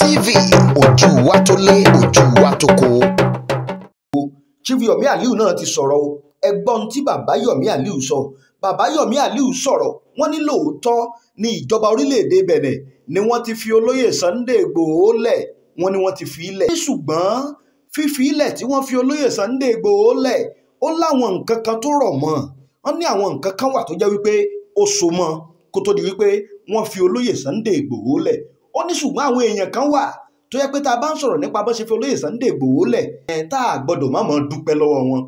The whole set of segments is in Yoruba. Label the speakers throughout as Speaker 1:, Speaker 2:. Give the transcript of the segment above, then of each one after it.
Speaker 1: TV ojú wa tó lé ojú wa tó kó. Chief Yomi Aliu náà ti sọ̀rọ̀ o ẹgbọ́n tí bàbá Yomi Aliu sọ bàbá Yomi Aliu sọ̀rọ̀ wọ́n ní lóòótọ́ ní ìjọba orílẹ̀-èdè Bẹ̀nẹ̀ ni wọ́n ti fi olóyè Sunday Igboho lẹ̀ wọ́n ní wọ́n ti fi ilẹ̀. ṣùgbọ́n fífi ilẹ̀ tí wọ́n fi olóyè Sunday Igboho lẹ̀ ó láwọn nǹkan kan tó rọ̀ mọ́ wọ́n ní àwọn nǹkan kan wà tó jẹ́ wípé ó so mọ́ kó tó di wípé wọ́n fi olóyè Sunday Igboho lẹ̀ ó ní ṣùgbọ́n àwọn èèyàn kan wà tó yẹ pé tá a bá ń sọ̀rọ̀ nípa bó ṣe fi olóyè Sunday Igboho lẹ̀ ẹ̀ tá a gbọ́dọ̀ má mọ̀ dúpẹ́ lọ́wọ́ wọn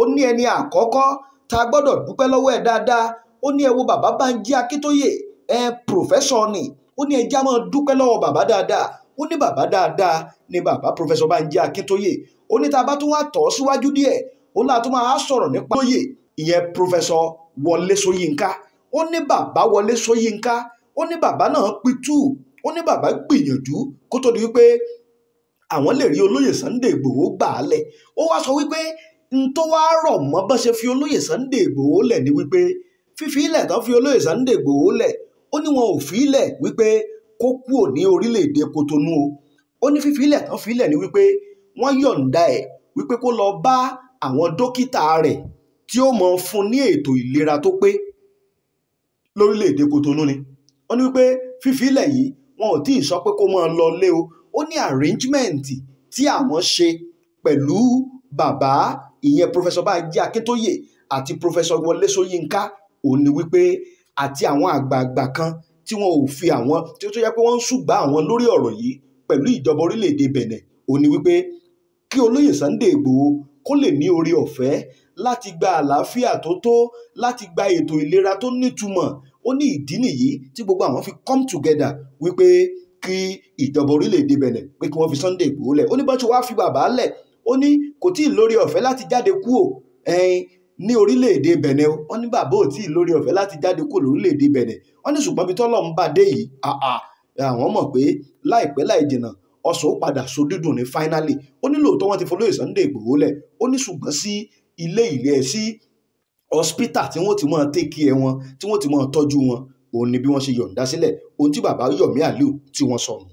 Speaker 1: ó ní ẹni àkọ́kọ́ tá a gbọ́dọ̀ dúpẹ́ lọ́wọ́ ẹ̀ dáadáa ó ní ẹ wo bàbá Bánjí Akíntóyè ẹ pòfẹ́sọ̀ ni ó ní ẹjẹ́ máa dúpẹ́ lọ́wọ́ bàbá dáadáa ó ní bàbá dáadáa ni bàbá pòfẹ́sọ̀ Bánjí Akíntóyè ó ní tá a bá tún wá tọ̀ ó ní bàbá gbìyànjú kó tó di wípé àwọn lè rí olóyè Sunday Ìgbòho gbà á lẹ̀ ó wá sọ wípé n tó wá rọ̀ mọ́ bá ṣe fi olóyè Sunday Ìgbòho lẹ̀ ni wípé fífi ilẹ̀ tán fi olóyè Sunday Ìgbòho lẹ̀ ó ní wọn ò fi ilẹ̀ wípé kó kúrò ní orílẹ̀-èdè Kotonu o ó ní fífi ilẹ̀ tán fi ilẹ̀ ni wípé wọ́n yọ̀ǹda ẹ̀ wípé kó lọ bá àwọn dókítà rẹ̀ tí ó mọ̀ fún ní ètò ìlera tó pé lórílẹ̀-èdè Kotonu ni wọ́n ní wípé fífi ilẹ̀ yìí wọn ò tí ì sọ pé kó máa lọ lé o ó ní arrangement tí àwọn ṣe pẹ̀lú bàbá ìyẹn professor Bánjí Akíntóyè àti professor Wọlé Ṣóyínká òun ni wípé àti àwọn àgbààgbà kan tí wọn ò fi àwọn tí ó tó yẹ pé wọ́n ń ṣùgbà àwọn lórí ọ̀rọ̀ yìí pẹ̀lú ìjọba orílẹ̀-èdè Bẹ̀nẹ̀ òun ni wípé kí olóyè Sunday Ìgbòho kó lè ní orí ọ̀fẹ́ láti gba àlàáfíà tó tó láti gba ètò ìlera tó nítumọ̀ ó ní ìdí nìyí tí gbogbo àwọn fi come together wípé kí ìjọba orílẹ̀-èdè bẹ̀nẹ̀ pé kí wọ́n fi Sunday Igboho lẹ̀ ó ní bọ́sù wá fi bàbá lẹ̀ ó ní kò tí ì lórí ọ̀fẹ́ láti jáde kúò ẹ̀yìn ní orílẹ̀-èdè bẹ̀nẹ̀ o wọ́n ní bàbá ò tí ì lórí ọ̀fẹ́ láti jáde kúò lórílẹ̀-èdè bẹ̀nẹ̀ wọ́n ní ṣùgbọ́n bí tọ́lọ́ ń bá dé yìí àwọn mọ̀ pé láìpẹ́ láì jìnnà ọ̀sán ó padà so dídùn ní finally ó ní lóòótọ́ wọ́n ti folóyè Sunday Igboho lẹ̀ ó ní ṣùgbọ́n sí ilé ìlẹ́ sí hospital tí wọ́n ti mọ̀ take care wọn tí wọ́n ti mọ̀ tọ́jú wọn òun ni bí wọ́n ṣe yọ̀ǹda sílẹ̀ ohun tí bàbá Yọ̀mí Aliu tí wọ́n sọnù.